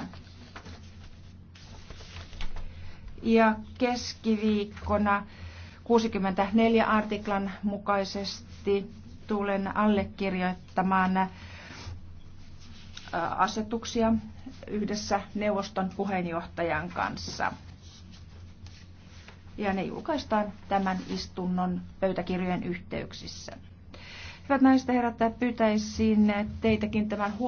tästä. Ja keskiviikkona 64 artiklan mukaisesti tulen allekirjoittamaan äh, asetuksia yhdessä neuvoston puheenjohtajan kanssa. Ja ne julkaistaan tämän istunnon pöytäkirjojen yhteyksissä. Hyvät naiset ja herrat, pyytäisin teitäkin tämän huomioon.